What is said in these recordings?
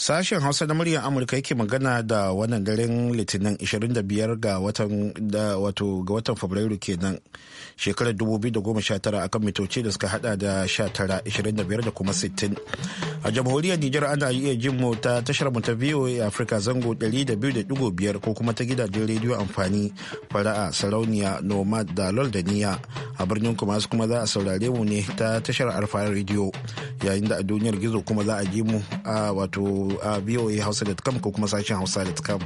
Sashen Hausa na muryar Amurka yake magana da wannan daren Litinin 25 ga watan da wato ga watan Fabrairu kenan shekarar 2019 akan mitoci da suka hada da 19 25 da kuma 60. A jamhuriyar Nijar ana iya jin mu ta tashar mu ta VOA Africa zango 200.5 ko kuma ta gidajen rediyo amfani fara'a sarauniya nomad da lol a birnin kuma su kuma za a saurare mu ne ta tashar alfa rediyo yayin da a duniyar gizo kuma za a ji mu a wato wato a voahausa.com ko kuma sashen hausa.com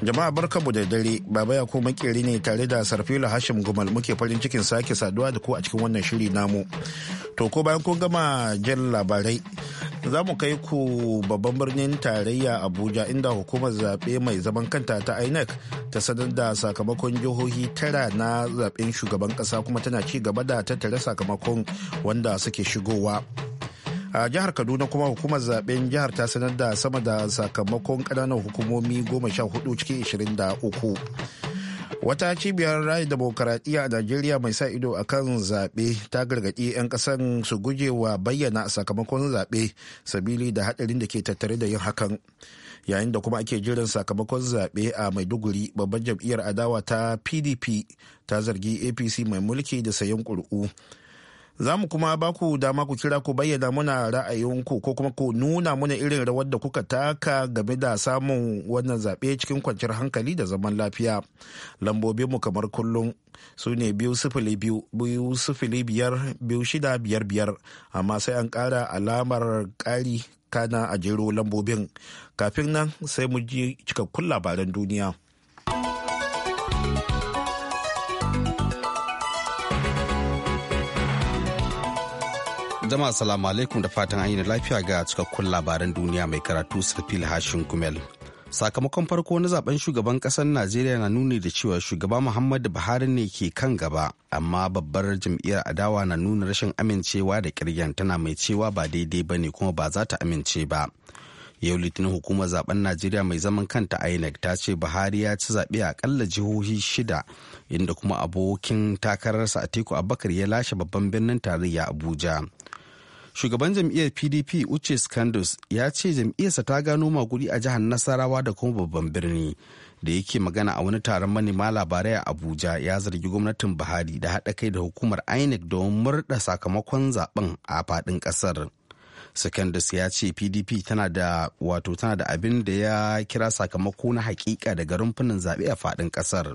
Jama'a barkamu da dare, Baba ya kuma makeri ne tare da Sarfila Hashim Gumal muke farin cikin sake saduwa da ku a cikin wannan shiri namu. To ko bayan kun gama jan labarai, za mu kai ku babban birnin tarayya Abuja inda hukumar zaɓe mai zaman kanta ta INEC ta sanar da sakamakon jihohi tara na zaɓen shugaban ƙasa kuma tana ci gaba da tattara sakamakon wanda suke shigowa. a jihar kaduna kuma hukumar zaben jihar ta sanar da sama da sakamakon kananan hukumomi goma sha hudu cikin ashirin da uku wata cibiyar rayu demokaradiyya a najeriya mai sa ido a kan zaɓe ta gargaɗi 'yan ƙasan su guje wa bayyana sakamakon zaɓe sabili da haɗarin da ke tattare da yin hakan yayin da kuma ake jiran sakamakon zaɓe a maiduguri babban jam'iyyar adawa ta pdp ta zargi apc mai mulki da sayan ƙuri'u za mu kuma ba ku dama ku kira ku bayyana muna ra'ayinku ko kuma ku nuna muna irin rawar da kuka taka game da samun wannan zaɓe cikin kwanciyar hankali da zaman lafiya lambobinmu kamar kullum su ne biyu sifili biyu biyu sifili biyar biyu shida biyar biyar amma sai an ƙara alamar ƙari kana a jero lambobin kafin nan sai mu ji cikakkun labaran duniya. Jama'a salamu alaikum da fatan an yi lafiya ga cikakkun labaran duniya mai karatu Sarfil Hashin Kumel. Sakamakon farko na zaben shugaban kasar Najeriya na nuni da cewa shugaba Muhammadu Buhari ne ke kan gaba, amma babbar jam'iyyar adawa na nuna rashin amincewa da kirgen tana mai cewa ba daidai ba ne kuma ba za ta amince ba. yau litinin hukumar zaben najeriya mai zaman kanta inec ta ce buhari ya ci zaɓe a ƙalla jihohi shida inda kuma abokin takararsa a atiku abubakar ya lashe babban birnin tarayya abuja shugaban jam'iyyar pdp uche scandus ya ce jam'iyyarsa ta gano maguri a jihar nasarawa da kuma babban birni da yake magana a wani taron manema labarai a abuja ya zargi gwamnatin buhari da haɗa kai da hukumar inec don murɗa sakamakon zaben a faɗin ƙasar secondus ya ce pdp tana da wato tana da abin da ya kira sakamako na haƙiƙa daga rumfunan zaɓe a faɗin ƙasar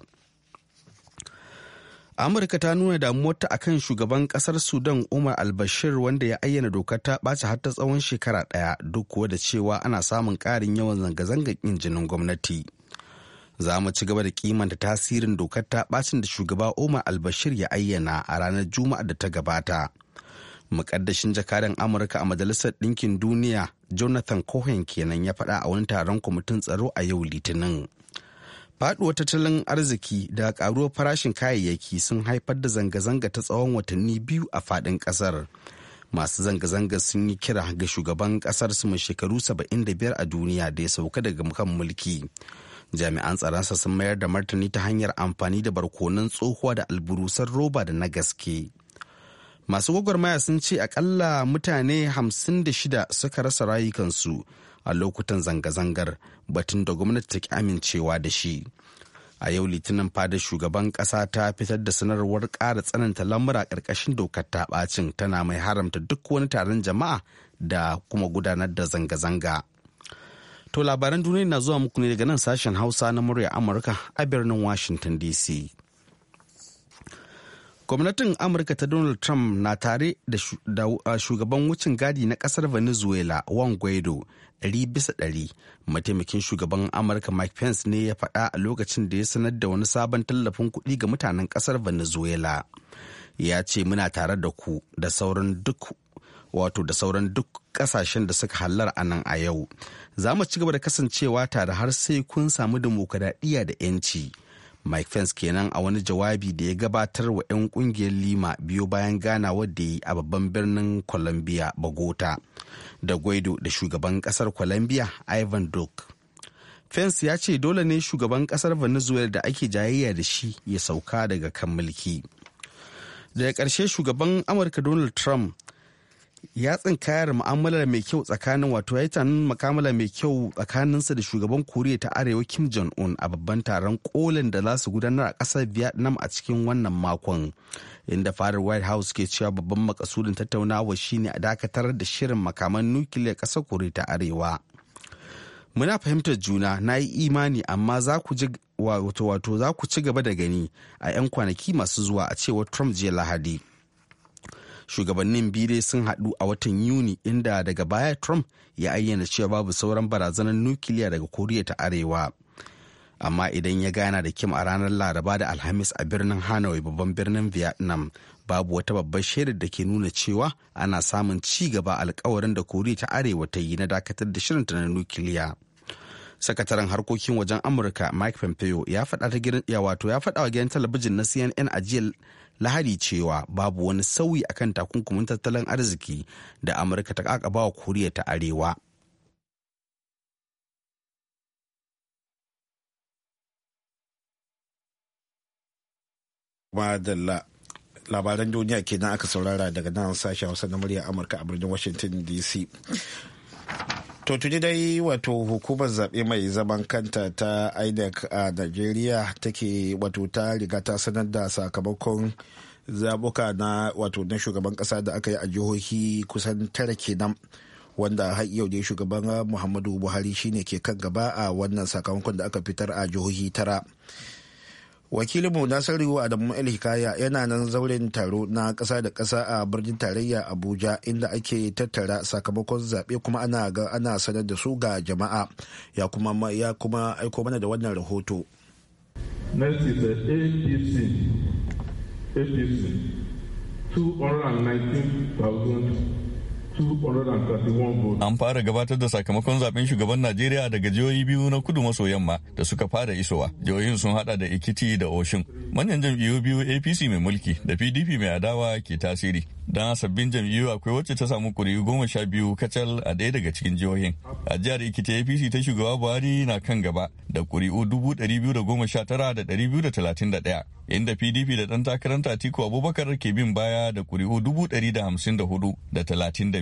amurka ta nuna damuwarta kan shugaban kasar sudan umar albashir wanda ya ayyana dokar ta ɓaci har tsawon shekara ɗaya duk kuwa da cewa ana samun ƙarin yawan zanga-zangar ƙin jinin gwamnati za mu ci gaba da kimanta tasirin dokar ta ɓacin da shugaba umar albashir ya ayyana a ranar juma'a da ta gabata mukaddashin jakadan amurka a majalisar ɗinkin duniya jonathan cohen kenan ya faɗa a wani taron kwamitin tsaro a yau litinin Faɗuwar tattalin arziki da ƙaruwar farashin kayayyaki sun haifar da zanga-zanga ta tsawon watanni biyu a faɗin ƙasar. Masu zanga-zanga sun yi kira ga shugaban ƙasar su mai shekaru 75 a duniya da ya sauka daga kan mulki. Jami'an tsaronsa sun mayar da martani ta hanyar amfani da barkonan tsohuwa da alburusan roba da na gaske. Masu gwagwarmaya sun ce akalla mutane 56 suka rasa rayukansu. a lokutan zanga-zangar batun da gwamnati ta ki amincewa da shi a yau litinin fadar shugaban kasa ta fitar da sanarwar ƙara tsananta lamura ƙarƙashin dokar ta bacin tana mai haramta duk wani taron jama'a da kuma gudanar da zanga-zanga to labaran duniya na zuwa muku ne daga nan sashen hausa na murya amurka a birnin washington dc gwamnatin amurka ta donald trump na tare da shugaban wucin gadi na kasar venezuela juan guaido 100 mataimakin shugaban amurka mike pence ne ya faɗa a lokacin da ya sanar da wani sabon tallafin kuɗi ga mutanen kasar venezuela ya ce muna tare da ku da sauran duk wato da sauran duk kasashen da suka hallar a nan a yau za mu ci gaba da kasancewa tare har sai kun samu dimokuraɗiyya da 'yanci. Mike Pence kenan a wani jawabi da ya gabatar wa 'yan kungiyar Lima biyu bayan ganawar da yi a babban birnin Colombia Bogota da Guaido da shugaban kasar Colombia Ivan duke Pence ya ce dole ne shugaban kasar Venezuela da ake jayayya da shi ya sauka daga kan mulki. Daga ƙarshe shugaban Amurka Donald Trump ya tsinkayar mu'amala mai kyau tsakanin wato ya yi tunanin mu'amala mai kyau tsakaninsa da shugaban koriya ta arewa kim jong un a babban taron kolin da za su gudanar a kasar vietnam a cikin wannan makon inda fadar white house ke cewa babban makasudin tattaunawa shine a dakatar da shirin makaman nukiliya kasar koriya ta arewa muna fahimtar juna na yi imani amma za ku ji wato wato za ku ci gaba da gani a 'yan kwanaki masu zuwa a cewar trump jiya lahadi shugabannin dai sun haɗu a watan yuni inda daga baya trump ya ayyana cewa babu sauran barazanar nukiliya daga koriya ta arewa amma idan ya gana da kim a ranar laraba da alhamis a birnin hanoi babban birnin vietnam babu wata babbar shaidar da ke nuna cewa ana samun ci gaba alkawarin da koriya ta arewa ta yi na dakatar da shirinta na nukiliya sakataren harkokin wajen amurka mike pompeo ya faɗa wa gidan talabijin na cnn a jiya lahadi cewa babu wani sauyi akan takunkumin tattalin arziki da amurka ta kakaba wa koriya ta arewa labaran duniya kenan aka saurara daga nan sashen hausa na murya amurka a birnin washington dc To tuni dai wato hukumar zaɓe mai zaman kanta ta INEC a nigeria take wato ta riga ta sanar da sakamakon zabuka na wato na shugaban ƙasa da aka yi a jihohi kusan tara kenan wanda har yau ne shugaban Muhammadu Buhari shine ke kan gaba a wannan sakamakon da aka fitar a jihohi tara. wakilinmu nasiru adamu el hikaya yana nan zauren taro na ƙasa da ƙasa a birnin tarayya abuja inda ake tattara sakamakon zaɓe kuma ana ga ana sanar da su ga jama'a ya kuma ya kuma aiko mana da wannan rahoto Next is the APC. APC 219,000 An fara gabatar da sakamakon zaben shugaban Najeriya daga jihohi biyu na kudu maso yamma da suka fara isowa. Jihohin sun hada da Ekiti da Oshin. Manyan jam'iyyu biyu APC mai mulki da PDP mai adawa ke tasiri. Don sabbin jam'iyyu akwai wacce ta samu kuri'u goma sha biyu kacal a ɗaya daga cikin jihohin. A jihar Ekiti APC ta shugaba Buhari na kan gaba da kuri'u dubu ɗari biyu da goma sha tara da ɗari biyu da talatin da ɗaya. Inda PDP da ɗan takaranta Atiku Abubakar ke bin baya da kuri'u dubu ɗari da hamsin da hudu da talatin da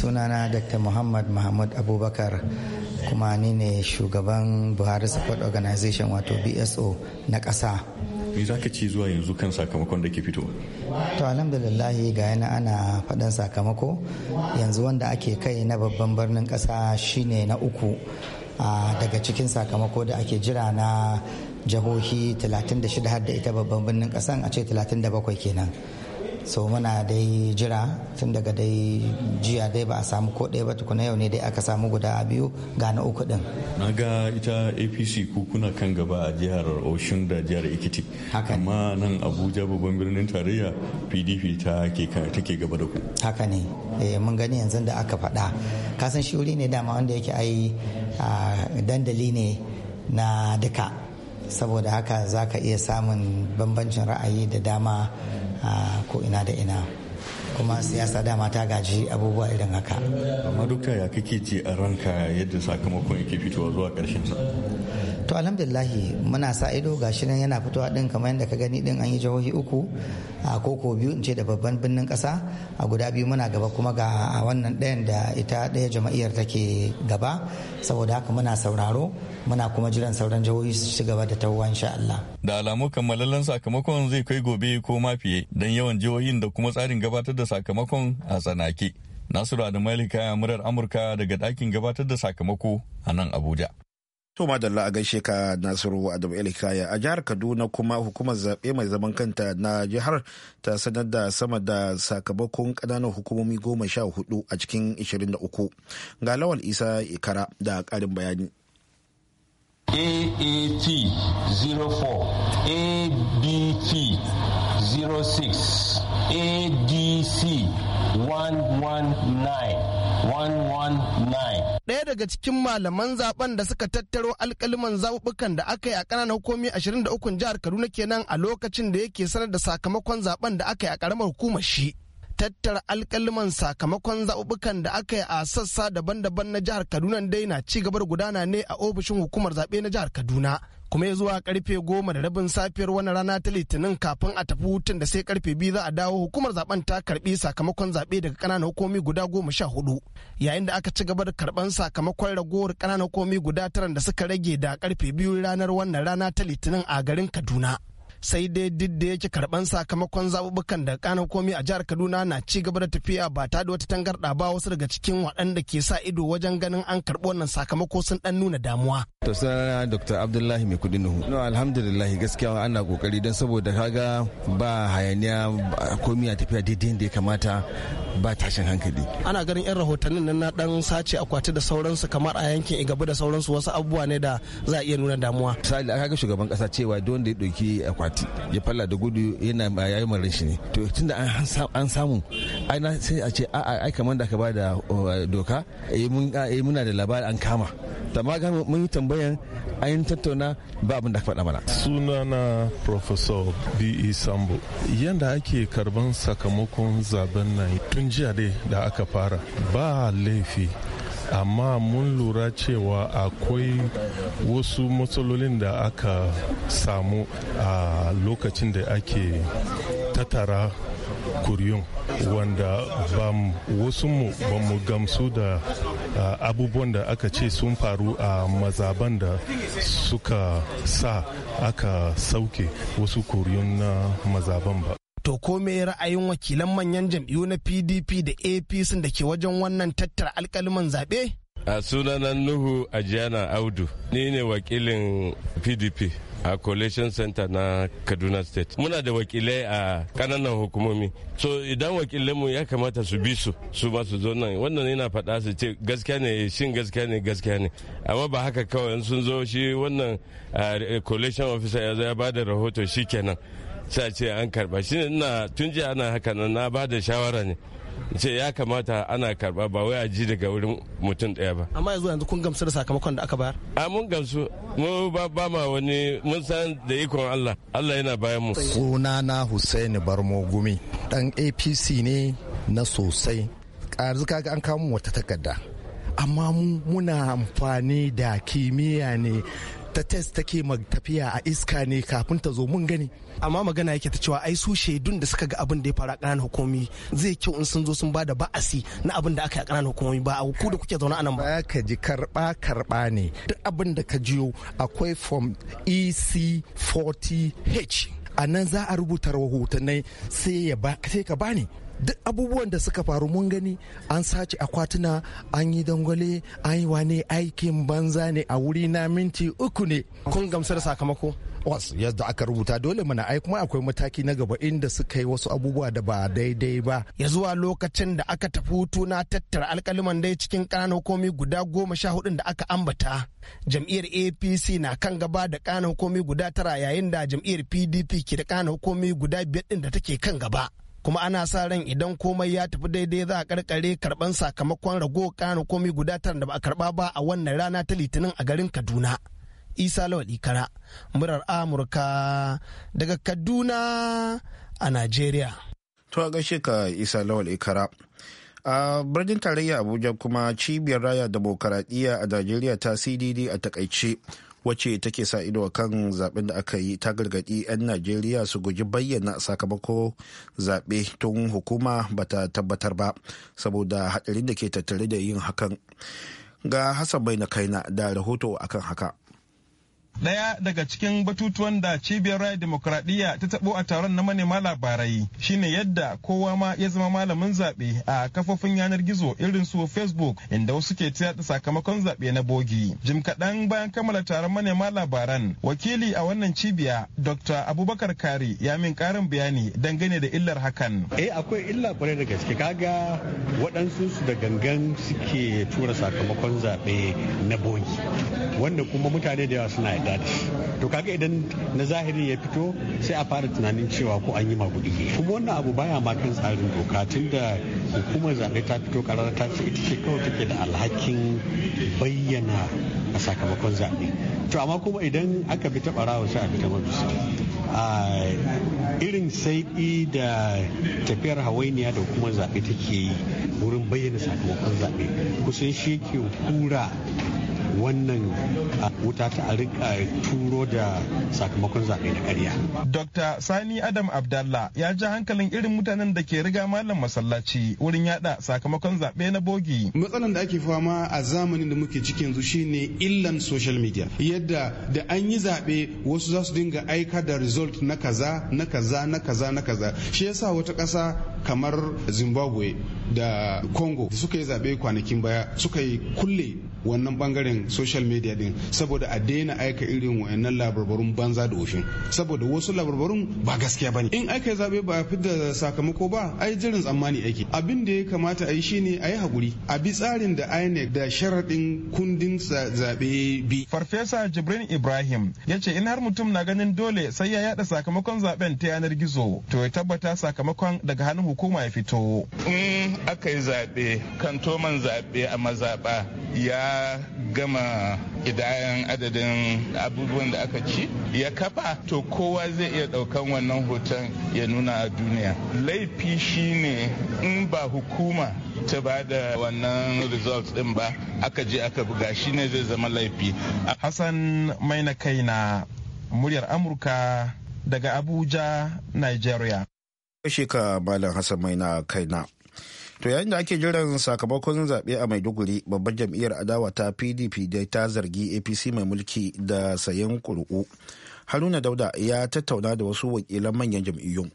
sunana dr muhammad mahmud abubakar kuma ni ne shugaban buhari support organization wato bso na ƙasa me za ka ci zuwa yanzu kan sakamakon da ke fito to alhamdulillahi ga yana ana faɗan sakamako yanzu wanda ake kai na babban birnin ƙasa shine na uku daga cikin sakamako da ake jira na jihohi 36 har da ita babban birnin ƙasan a ce 37 kenan so muna dai jira tun daga dai jiya dai ba a samu ko ɗaya ba tukuna yau ne dai aka samu guda biyu ga na uku din na ga ita apc ku kuna kan gaba a jihar oshun da jihar ikiti amma nan abuja babban birnin tarayya pdp ta ke gaba da ku haka ne eh, mun gani yanzu da aka faɗa kasan shi wuri ne dama wanda yake ai dandali ne na duka saboda haka zaka iya samun bambancin ra'ayi da dama a ko ina da ina kuma siyasa dama ta gaji abubuwa irin haka amma duk ya kake ji a ranka yadda sakamakon yake fitowa zuwa karshen sa to alhamdulillahi muna sa ido gashi nan yana fitowa din kamar yadda ka gani din an yi jihohi uku a koko biyu in ce da babban birnin kasa a guda biyu muna gaba kuma ga wannan dayan da ita ɗaya jama'iyyar take gaba saboda haka muna sauraro muna kuma jiran sauran jihohi su ci gaba da tawwa insha Allah da alamu kammalallen sakamakon zai kai gobe ko ma fiye don yawan jihohin da kuma tsarin gabatar da sakamakon a tsanake Nasiru Adamalika murar Amurka daga dakin gabatar da sakamako a nan Abuja. To madalla a gaishe ka Nasiru Adamu Elikaya a jihar Kaduna kuma hukumar zaɓe mai zaman kanta na jihar ta sanar da sama da sakamakon ƙananan hukumomi goma sha hudu a cikin 23. Ga lawal Isa Ikara da ƙarin bayani. AAT 04 ABT 06 ADC 119 119 ɗaya daga cikin malaman zaben da suka tattaro alkaliman zaɓuɓɓukan da aka yi a ƙananan hukumi 23 jihar Kaduna kenan a lokacin da yake sanar da sakamakon zaben da aka yi a ƙaramar hukumar shi. tattara alkaliman sakamakon zaɓuɓɓukan da aka yi a sassa daban-daban na jihar kaduna dai na ci gaba da gudana ne a ofishin hukumar zaɓe na jihar kaduna kuma ya zuwa karfe goma da rabin safiyar wani rana ta litinin kafin a tafi hutun da sai karfe biyu za a dawo hukumar zaben ta karbi sakamakon zaɓe daga kananan hukumomi guda goma sha hudu yayin da aka ci gaba da karɓan sakamakon ragowar kananan hukumomi guda tara da suka rage da karfe biyu ranar wannan rana ta litinin a garin kaduna. sai dai duk da yake karban sakamakon zabubukan da kanan komi a jihar kaduna na ci gaba da tafiya ba ta da wata tangarɗa ba wasu daga cikin waɗanda ke sa ido wajen ganin an karɓi wannan sakamako sun ɗan nuna damuwa. to sanana dr abdullahi mai kuɗi nuhu no alhamdulillah gaskiya ana kokari don saboda kaga ba hayaniya komi a tafiya daidai da ya kamata ba tashin hankali ana ganin yan rahotannin nan na dan sace akwati da sauransu kamar a yankin igabu da sauransu wasu abubuwa ne da za a iya nuna damuwa misali aka ga shugaban kasa cewa don da ya ɗauki akwati yafala ya falla da gudu yana ya yayi marin shi ne to tunda an samu ai na sai a ce a ai kamar da ka ba da doka eh mun eh muna da labari an kama amma ga mun yi tambayan an tattauna ba abin da ka faɗa mana sunana professor e sambo yadda ake karban sakamakon zaben nan tun jiya dai da aka fara ba laifi amma mun lura cewa akwai wasu matsalolin da aka samu a lokacin da ake tattara kuryun wanda wasu mu ba mu gamsu da abubuwan da aka ce sun faru a mazaban da suka sa aka sauke wasu kuryun na mazaban ba to ko me ra'ayin wakilan manyan jam'iyyu na pdp da apc da ke wajen wannan tattara alkaliman zaɓe a sunanan nuhu ajiyana audu ni ne wakilin pdp a coalition center na kaduna state muna da wakilai a kananan hukumomi so idan wakilanmu ya kamata su bi su su ba su zo nan wannan yana faɗa su ce gaskiya ne shin gaskiya ne gaskiya ne amma ba haka kawai sun zo shi wannan eh, coalition officer ya zo ba da rahoto shi kenan sai ce an karba shi ina tun jiya ana haka nan na ba da shawara ne ce ya kamata ana karba ba wai a ji daga wurin mutum daya ba amma yanzu yanzu kun gamsu da sakamakon da aka bayar a mun gamsu mu ba ba ma wani mun san da ikon Allah Allah yana bayan mu na Hussein Barmo Gumi dan APC ne na sosai ƙarzu kaga an kawo wata takarda amma muna amfani da kimiyya ne ta test take tafiya a iska ne kafin ta zo mun gani amma magana yake ta cewa ai su shaidun da suka ga abin da ya faru a ƙananan hukumomi zai kyau in sun zo sun bada ba'asi na abin da aka yi a ƙananan hukumomi ba a ku da kuke zaune a nan ba ka ji karba karba ne duk abin da ka jiyo akwai form EC40H a nan za a rubuta rahotannai sai ya ba sai ka bani duk abubuwan da suka faru mun gani an sace akwatuna an yi dangwale an yi wane aikin banza ne a wuri na minti uku ne kun gamsar sakamako Wasu yadda aka rubuta dole mana ai kuma akwai mataki na gaba inda suka yi wasu abubuwa da ba daidai ba ya zuwa lokacin da aka tafi hutu na tattara alkaliman dai cikin ƙananan hukumi guda goma sha hudun da aka ambata jam'iyyar apc na kan gaba da ƙananan hukumi guda tara yayin da jam'iyyar pdp ke da ƙananan hukumi guda biyar din da take kan gaba kuma ana sa ran idan komai ya tafi daidai za a karkare karban sakamakon rago kana komai guda tara da ba a karba ba a wannan rana ta litinin a garin kaduna isa lawal ikara murar amurka daga kaduna a nigeria to a gaishe ka isa lawal ikara a birnin tarayya abuja kuma cibiyar raya bokaradiyya a nigeria ta cdd a takaice wacce take sa ido kan zaben da aka yi ta gargadi 'yan najeriya su guji bayyana sakamako zaɓe tun hukuma ba ta tabbatar ba saboda haɗarin da ke tattare da yin hakan ga hasan bai na kaina da rahoto akan haka Ɗaya daga cikin batutuwan da cibiyar raya demokradiyya ta taɓo a taron na manema labarai shine yadda kowa ma ya zama malamin zaɓe a kafofin yanar gizo irin su Facebook inda wasu ke tiyata sakamakon zaɓe na bogi. Jim kaɗan bayan kammala taron manema labaran wakili a wannan cibiya Dr. Abubakar Kari ya min ƙarin bayani dangane da illar hakan. Eh akwai illa kwarai da gaske kaga waɗansu su da gangan suke tura sakamakon zaɓe na bogi wanda kuma mutane da yawa suna yarda da to kaga idan na zahiri ya fito sai a fara tunanin cewa ko an yi maguɗi kuma wannan abu baya ma kan tsarin doka da hukumar zaɓe ta fito karar ta ce ita ce kawai take da alhakin bayyana a sakamakon zaɓe to amma kuma idan aka bi ta ɓarawa sai a bi ta a irin saiɗi da tafiyar hawainiya da kuma zaɓe take yi wurin bayyana sakamakon zaɓe kusan shi ke hura wannan wuta ta a rika turo da sakamakon zaɓe na ƙarya. Dr. Sani Adam Abdallah ya ji hankalin irin mutanen da ke riga malam masallaci wurin yada sakamakon zaɓe na bogi. Matsalan da ake fama a zamanin da muke ciki yanzu shine illan social media. Yadda da an yi zaɓe wasu za su dinga aika da result na kaza na kaza na kaza na kaza. Shi yasa wata ƙasa kamar Zimbabwe da Congo suka yi zaɓe kwanakin baya suka yi kulle wannan bangaren social media din saboda a daina aika irin wayannan labarbarun banza da ofin saboda wasu labarbarun ba gaskiya bane in aka zabe ba a fidda sakamako ba ai jirin tsammani ake abin da ya kamata a yi shine a yi hakuri a bi tsarin da INEC da sharaɗin kundin zabe bi farfesa jibrin ibrahim ya ce in har mutum na ganin dole sai ya yada sakamakon zaben ta yanar gizo to ya tabbata sakamakon daga hannun hukuma ya fito in aka yi zaɓe kantoman zabe a mazaɓa ya gama idayen adadin abubuwan da aka ci ya kafa to kowa zai iya daukan wannan hoton ya nuna a duniya laifi shine in ba hukuma ta ba da wannan results din ba aka je aka buga shi ne zai zama laifi hassan mai na kai na muryar amurka daga abuja nigeria shika malam hassan maina na kaina to yayin da ake jiran sakamakon zaɓe a maiduguri babbar jam'iyyar adawa ta pdp dai ta zargi apc mai mulki da sayan ƙuri'u haruna dauda ya tattauna da wasu wakilan manyan jam'iyyun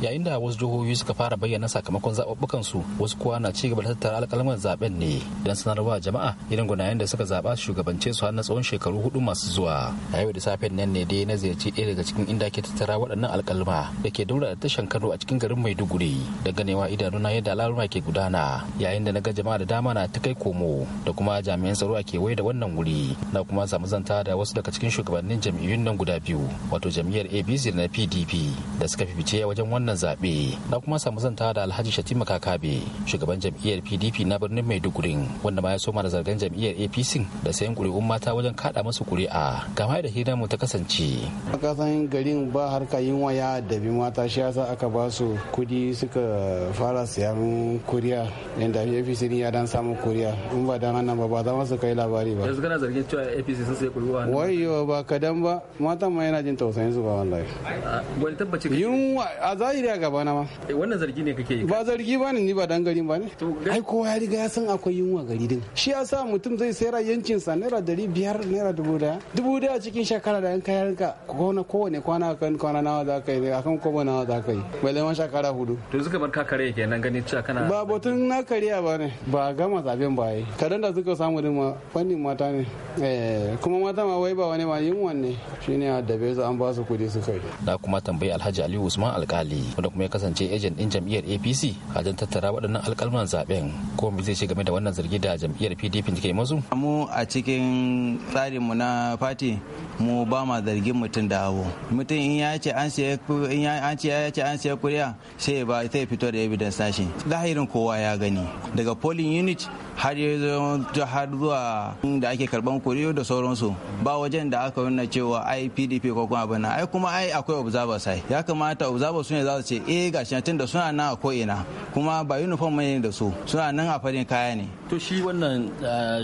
yayin da wasu jihohi suka fara bayyana sakamakon zaɓuɓɓukan su wasu kuwa na ci gaba da tattara alƙalman zaɓen ne don sanarwa jama'a irin gwanayen da suka zaɓa shugabance su har na tsawon shekaru hudu masu zuwa a yau da safen nan ne dai na ziyarci ɗaya daga cikin inda ke tattara waɗannan alƙalma da ke daura da tashan kano a cikin garin maiduguri da ganewa idanuna yadda al'aruma ke gudana yayin da na ga jama'a da dama na ta kai komo da kuma jami'an tsaro a wai da wannan wuri na kuma samu zanta da wasu daga cikin shugabannin jam'iyyun nan guda biyu wato jam'iyyar abc da na pdp da suka fifice wajen wannan zaɓe na kuma samu zanta da alhaji shatima kakabe shugaban jam'iyyar pdp na birnin maiduguri wanda ma ya soma da zargan jam'iyyar apc da sayan ƙuri'un mata wajen kaɗa masu ƙuri'a kama da hirar mu ta kasance. kasan garin ba harka yin waya da bi mata shi yasa aka ba su kudi suka fara siyan kuriya yadda apc ya dan samu kuriya in ba dan hannun ba ba za su kai labari ba. yanzu kana zargin cewa apc sun sai kuriwa. wayo ba kadan ba matan ma yana jin tausayin su ba wallahi. Ah, wani tabbaci. yunwa a zahiri a gaba na ma eh, wannan zargi ne kake yi ba zargi ba ne ni ba dan gari ba ne ai kowa ya riga ya san akwai yunwa gari din shi ya sa mutum zai sayar yancin sa naira dari biyar naira dubu daya dubu daya cikin shekara da yan kaya ka kona kowane kwana kan kwana nawa za ka yi akan kobo nawa za ka yi bai zama shekara hudu to suka bar ka kare nan ganin cewa kana ba batun na kariya ba ne ba gama zaben ba yi kadan da suka samu din ma fannin mata ne eh, kuma mata ma wai ba wani ma yunwa ne ne a dabe su an ba su kudi su kai da kuma tambayi alhaji aliyu usman alkali wanda kuma ya kasance ejen din jam'iyyar apc kajin tattara waɗannan alkalman zaben ko me zai ce game da wannan zargi da jam'iyyar pdp take masu mu a cikin tsarin mu na fati mu ba ma zargin mutum da abu mutum in ya ce an siya an ce ya ce an siya kuriya sai ba sai fito da evidence nashi zahirin kowa ya gani daga polling unit har yanzu har zuwa da ake karban kuriyo da sauransu ba wajen da aka nuna cewa ai pdp ko kuma abin ai kuma ai akwai observer sai ya kamata observer babu sun ne za su ce eh gashi da suna nan a ko ina kuma ba uniform ne da su suna nan a farin kaya ne to shi wannan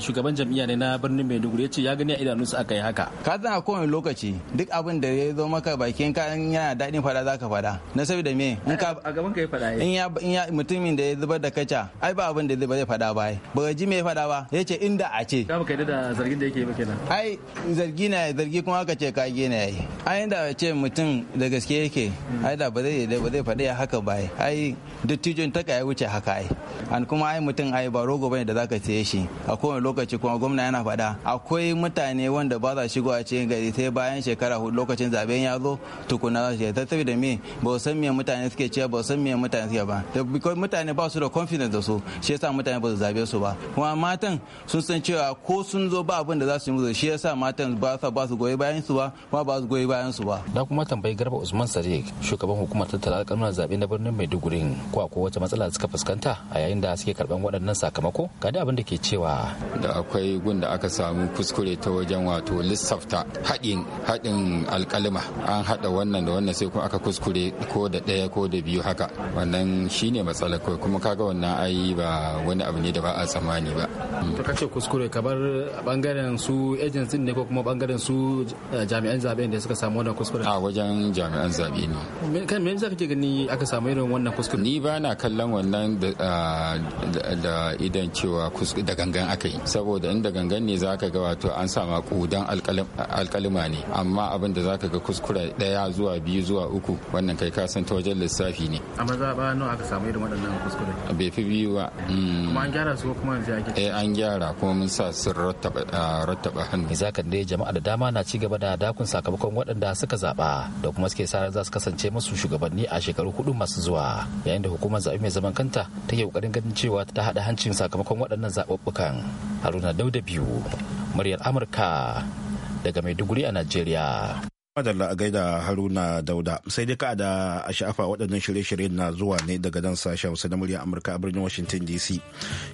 shugaban jam'iyya ne na birnin maiduguri ya ce ya gani a idanunsa aka yi haka ka san a kowane lokaci duk abin da ya zo maka bakin ka in yana daɗin fada za ka fada na saboda me in ka a gaban ka ya fada eh. in ya in ya mutumin da ya zubar da kaca ai ba abin da zai fada ba ba ji me fada ba ya ce inda a ce ka kai da zargin da yake ba kenan ai zargi na zargi kuma aka ce ka na yayi ai inda ce mutum da gaske yake hmm. ai da ba zai ba zai fada haka ba ai dattijon ta ka ya wuce haka ai an kuma ai mutum ai ba rogo bane da za zaka siye shi a kowane lokaci kuma gwamna yana faɗa akwai mutane wanda ba za shigo a cikin gari sai bayan shekara hudu lokacin zaben ya zo tukuna za su ta da me ba san me mutane suke ciya ba su san me mutane suke ba mutane ba su da confidence da su shi yasa mutane ba su zabe su ba kuma matan sun san cewa ko sun zo ba abin da za su yi musu shi yasa matan ba sa ba su goyi bayan su ba kuma ba su goyi bayan su ba na kuma tambayi garba usman sadiq shugaban hukumar tattara alƙalmar zabe na birnin maiduguri ko akwai wata matsala da suka fuskanta a yayin da suke karban waɗannan sakamako kada abin da ke cewa da akwai gun da aka samu kuskure ta wajen wato lissafta haɗin haɗin alƙalima an haɗa wannan da wannan sai kuma aka kuskure ko da ɗaya ko da biyu haka wannan shine matsala kawai kuma kaga wannan ai ba wani abu ne da ba a tsammani ba mm. to ka ce kuskure kamar bangaren su agency ne ko kuma bangaren su eh, jami'an zabe da suka samu wannan kuskure a wajen jami'an zabe ne kan me yasa kake gani aka samu irin wannan kuskure ni ba na kallon wannan da ah, idan cewa cewa da gangan aka yi saboda inda gangan ne za ka ga wato an sama kudan alkalima ne amma abin da za ka ga kuskura daya zuwa biyu zuwa uku wannan kai kasan ta wajen lissafi ne a mazaɓa nawa aka samu irin waɗannan kuskure bai fi biyu ba hmm. kuma an gyara su kuma yanzu ake eh an gyara kuma mun sa sun rattaba hannu za ka dai jama'a da dama na ci gaba da dakun sakamakon waɗanda suka zaɓa da kuma suke sa za su kasance musu shugabanni a shekaru hudu masu zuwa yayin da hukumar zaɓe mai zaman kanta take ƙoƙarin ganin cewa ta haɗa hancin sakamakon waɗannan zaɓuɓɓukan haruna dauda biyu muryar amurka daga maiduguri a najeriya madalla a gaida haruna dauda sai dai ka da a sha'afa waɗannan shirye shirye na zuwa ne daga dan sashen hausa na muryar amurka a birnin washington dc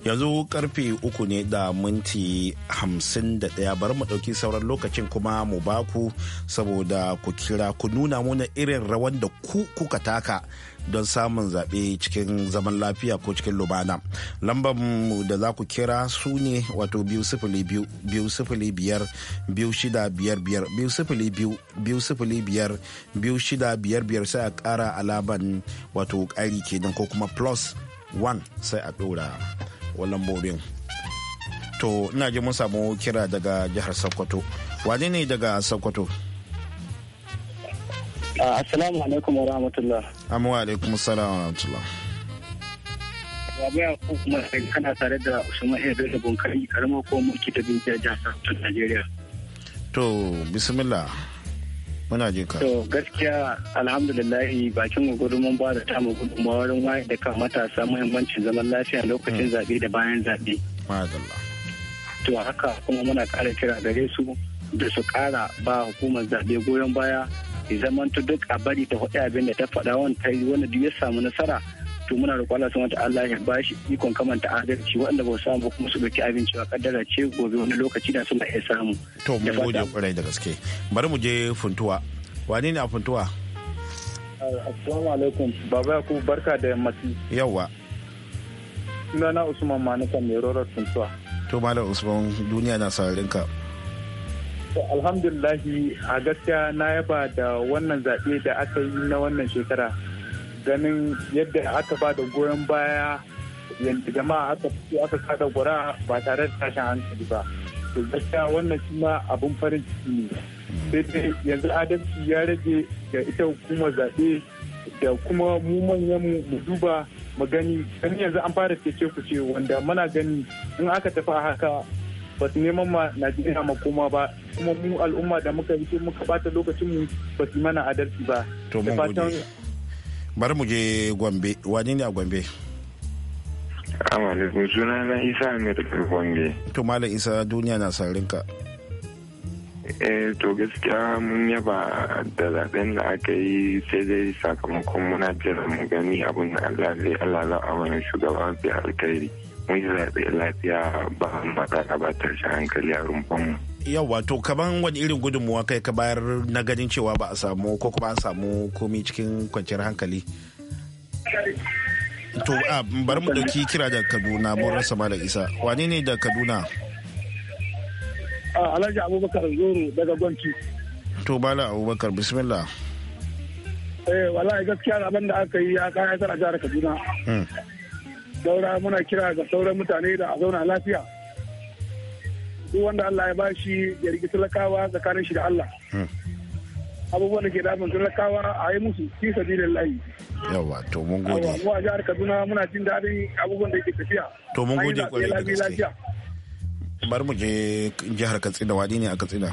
yanzu karfe uku ne da minti hamsin da ɗaya bari mu ɗauki sauran lokacin kuma mu baku saboda ku kira ku nuna muna irin rawan da ku kuka taka don samun zaɓe cikin zaman lafiya ko cikin lumana lambar mu da za ku kira su ne wato biyu sifili biyu biyu sifili biyar biyu shida biyar biyar biyu sifili biyu biyu sifili biyar biyu shida biyar biyar sai a kara alaban wato ƙari kenan ko kuma plus one sai a ɗora wa lambobin to ina ji mun samu kira daga jihar sokoto wane ne daga sokoto Assalamu alaikum wa rahmatullah. Amma wa alaikum salam wa rahmatullah. Babaya ko kuma kana tare da Usman Edo da Bunkari karamar ko mulki da bincike jihar Sokoto Najeriya. To bismillah. Muna jin ka. To gaskiya alhamdulillah bakin gudu mun ba da tamu gudunmawa wurin wayar da kan matasa muhimmancin zaman lafiya lokacin hmm. zaɓe da bayan zaɓe. Ma'azallah. To haka kuma muna ƙara kira gare su da su kara ba hukumar zaɓe goyon baya ya zamanto duk a bari ta faɗi abin da ta faɗa wani ta yi wani duk ya samu nasara to muna roƙon Allah subhanahu Allah ya ba shi ikon kamanta adalci waɗanda ba samu kuma su dauki abinci ba kaddara ce gobe wani lokaci da suna iya samu. To mun gode kwarai da gaske. Bari mu je funtuwa. Wani ne a funtuwa? Uh, assalamu alaikum. Baba ku barka da yammaci. Yawwa. Sunana Usman Manuka mai rorar funtuwa. To Malam Usman duniya na sararin ka. alhamdulillahi a gaskiya na yaba da wannan zaɓe da aka yi na wannan shekara ganin yadda aka ba da goyon baya yadda jama'a aka fito aka kada gura ba tare da tashin hankali ba to gaskiya wannan shi ma abin farin ciki ne sai dai yanzu adalci ya rage ga ita hukumar zaɓe da kuma mu manyan mu duba mu gani gani yanzu an fara ce ku ce wanda muna gani in aka tafi haka ba su neman ma najeriya koma ba kuma mu al'umma da muka yi muka bata lokacin mu ba su mana adalci ba mun gode. bari mu je gombe wani ne a gombe amalaikun suna na isa mai daga gombe to malam isa duniya na sarin ka eh to gaskiya mun yaba da zaben da aka yi sai dai sakamakon muna jira mu gani abin da allah zai allah za a wani shugaba alkhairi mun yi lafiya ba matsala ba tashi hankali a rumfanmu. yau wato kaman wani irin gudunmuwa kai ka bayar na ganin cewa ba a samu ko kuma an samu komi cikin kwanciyar hankali to a bari mu dauki kira da kaduna mun rasa malam isa wane ne da kaduna alhaji abubakar zoro daga gwanci to bala abubakar bismillah eh wallahi gaskiya abin da aka yi ya kayatar a jihar kaduna hmm. saura muna kira ga sauran mutane da a zauna lafiya duk wanda Allah ya bashi ya rigi talakawa tsakanin shi da Allah hmm. abubuwan da ke damun talakawa a yi musu fi da layi yawa to mun gode mu a jihar Kaduna muna jin daɗin abubuwan da ke tafiya to mun gode kwarai da gaske bar mu je jihar Katsina wadi ne a Katsina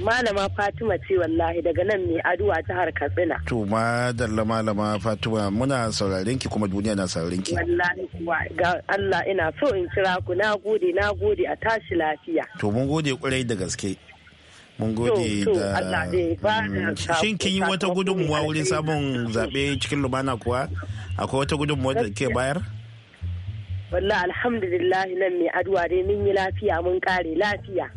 malama fatima ce wallahi daga nan ne aduwa ta har katsina to madalla malama fatima muna sauraren ki kuma duniya na sauraren ki wallahi kuwa ga allah ina so in kira ku na gode na gode a tashi lafiya to mun gode kurai da gaske mun gode da mm, shin kin yi wata gudunmuwa wurin samun zaɓe cikin lumana kuwa akwai wata gudunmuwa da ke bayar wallahi alhamdulillah nan mai aduwa dai mun yi lafiya mun kare lafiya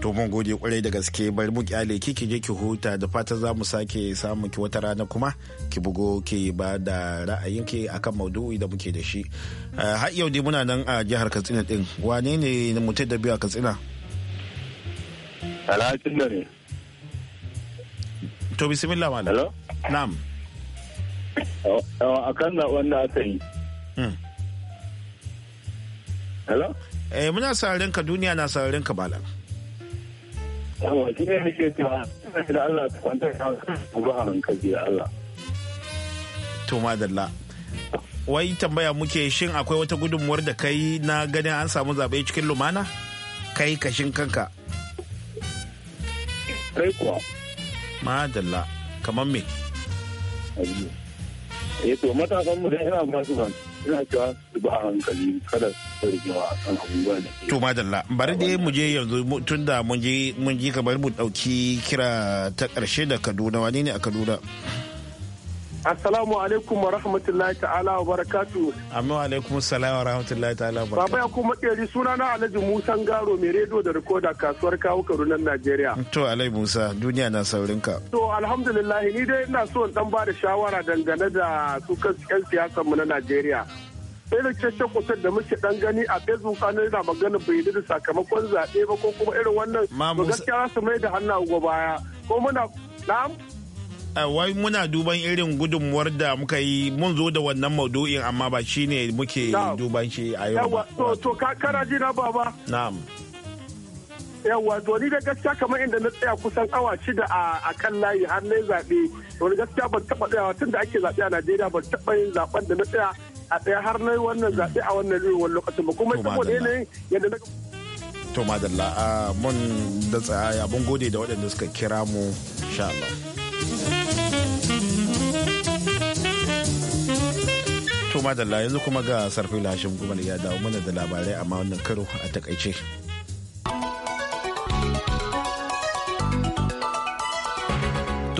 to mun gode kwarai da gaske bari mu kyale ki ki je ki huta da fata za mu sake samu ki wata rana kuma ki bugo ki ba da ki akan maudu'i da muke da shi eh, har yau dai muna nan a jihar katsina din wane ne mutum da biyu a katsina alhakin da ne to bismillah malam hello na'am oh, oh, akan zaben da aka yi hmm. hello eh muna sararin ka duniya na sararin ka malam yawa shi ne nake cewa da Allah ta kuma a hankali da Allah to madalla wai tambaya muke shin akwai wata gudunmuwar da kai na ganin an samu zaɓe cikin lumana kai kashin kanka kai kuwa madalla kamar me eh to matasan mu da ina ba su ban ina cewa su ba hankali kada To madalla bari dai mu je yanzu tun da mun ji kamar mu ɗauki kira ta karshe da Kaduna wani ne a Kaduna? Assalamu alaikum wa rahmatullahi ta'ala wa barakatu. Amma wa alaikum salam wa rahmatullahi ta'ala wa barakatu. Baba ya kuma ɗeri suna na Alhaji Musa Garo mai rediyo da rikoda kasuwar kawo Kaduna Najeriya. To Alhaji Musa duniya na saurin ka. To alhamdulillah ni dai ina so in dan ba da shawara dangane da su kan siyasar mu na Najeriya. irin cece kutar da muke dan gani a facebook an yana magana bai da sakamakon zaɓe ba ko kuma irin wannan ba gaskiya za su mai da hannu baya ko muna na'am eh, wai muna duban irin gudunmuwar da muka yi mun zo da wannan maudu'in amma ba shi ne muke duban shi a yau ba. To kana ji na baba? Na'am. yawa to ni da gaskiya kamar inda na tsaya kusan awa shida a kan layi har na zaɓe. Wani gaskiya ban taɓa tsayawa tun da ake zaɓe a Najeriya ban taɓa yin zaɓen da na tsaya a tsaye har na wannan zaɓe a wannan riwon lokacin ba kuma saboda yanayin yadda na to madalla a mun da tsaya mun gode da waɗanda suka kira mu sha Allah to madalla yanzu kuma ga sarfi lashin kuma ya dawo mana da labarai amma wannan karo a takaice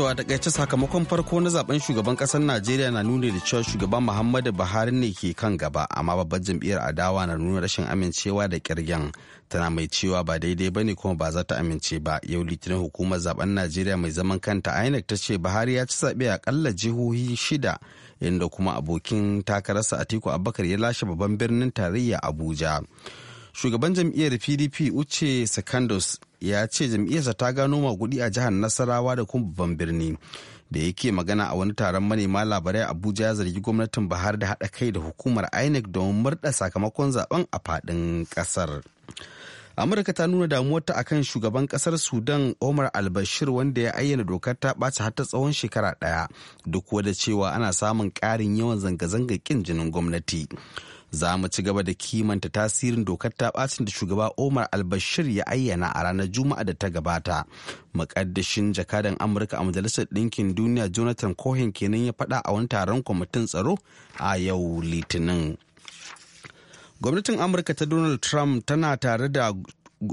To a takaice sakamakon farko na zaben shugaban kasar Najeriya na nuna da cewa shugaban Muhammadu Buhari ne ke kan gaba amma babbar jam'iyyar adawa na nuna rashin amincewa da kirgen tana mai cewa ba daidai bane kuma ba za ta amince ba yau litinin hukumar zaben Najeriya mai zaman kanta INEC ta ce Buhari ya ci zaɓe a kalla jihohi shida inda kuma abokin takararsa Atiku Abubakar ya lashe babban birnin tarayya Abuja. shugaban jam'iyyar pdp uche secondos ya ce jam'iyyarsa ta gano maguɗi a jihar nasarawa da kuma babban birni da yake magana a wani taron manema labarai abuja ya zargi gwamnatin bahar da haɗa kai da hukumar inec don murɗa sakamakon zaben a faɗin ƙasar amurka ta nuna damuwarta akan shugaban kasar sudan omar albashir wanda ya ayyana dokar ta ɓaci har ta tsawon shekara ɗaya duk da cewa ana samun ƙarin yawan zanga-zanga ƙin jinin gwamnati za mu ci gaba da kimanta tasirin dokar ta bacin da shugaba omar albashir ya ayyana a ranar juma'a da ta gabata mukaddashin jakadan amurka a majalisar ɗinkin duniya jonathan cohen kenan ya faɗa a wani taron kwamitin tsaro a yau litinin gwamnatin amurka ta donald trump tana tare da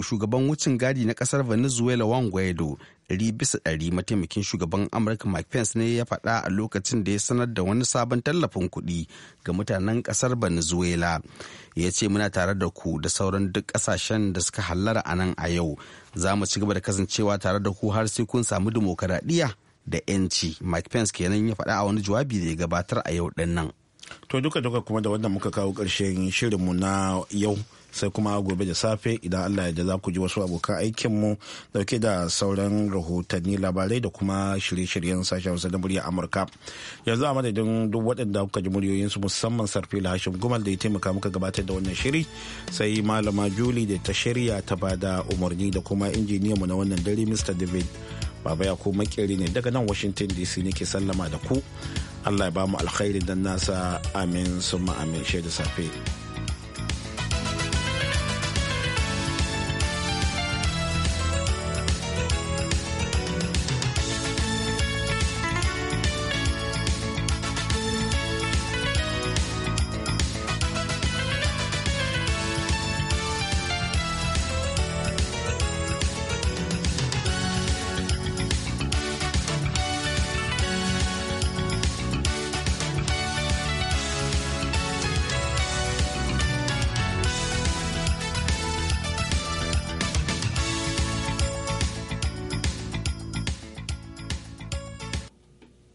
shugaban wucin gadi na kasar venezuela juan guaido ɗari bisa ɗari mataimakin shugaban amurka mike pence ne ya faɗa a lokacin da ya sanar da wani sabon tallafin kuɗi ga mutanen ƙasar venezuela ya ce muna tare da ku da sauran duk ƙasashen da suka hallara a nan a yau za mu ci gaba da kasancewa tare da ku har sai kun samu dimokuraɗiyya da 'yanci mike pence kenan ya faɗa a wani jawabi da ya gabatar a yau ɗin nan to duka duka kuma da wannan muka kawo ƙarshen shirinmu na yau sai kuma gobe da safe idan Allah ya za ku ji wasu abokan aikin mu dauke da sauran rahotanni labarai da kuma shirye-shiryen sashen Hausa da murya Amurka. Yanzu a madadin duk waɗanda kuka ji muryoyinsu musamman sarfi Hashim Gumal da ya taimaka muka gabatar da wannan shiri sai Malama juli da ta shirya ta bada umarni da kuma injiniyanmu na wannan dare Mr. David. Baba ya ko makeri ne daga nan Washington DC nake sallama da ku. Allah ya ba mu alkhairi dan nasa amin summa amin shaida safe.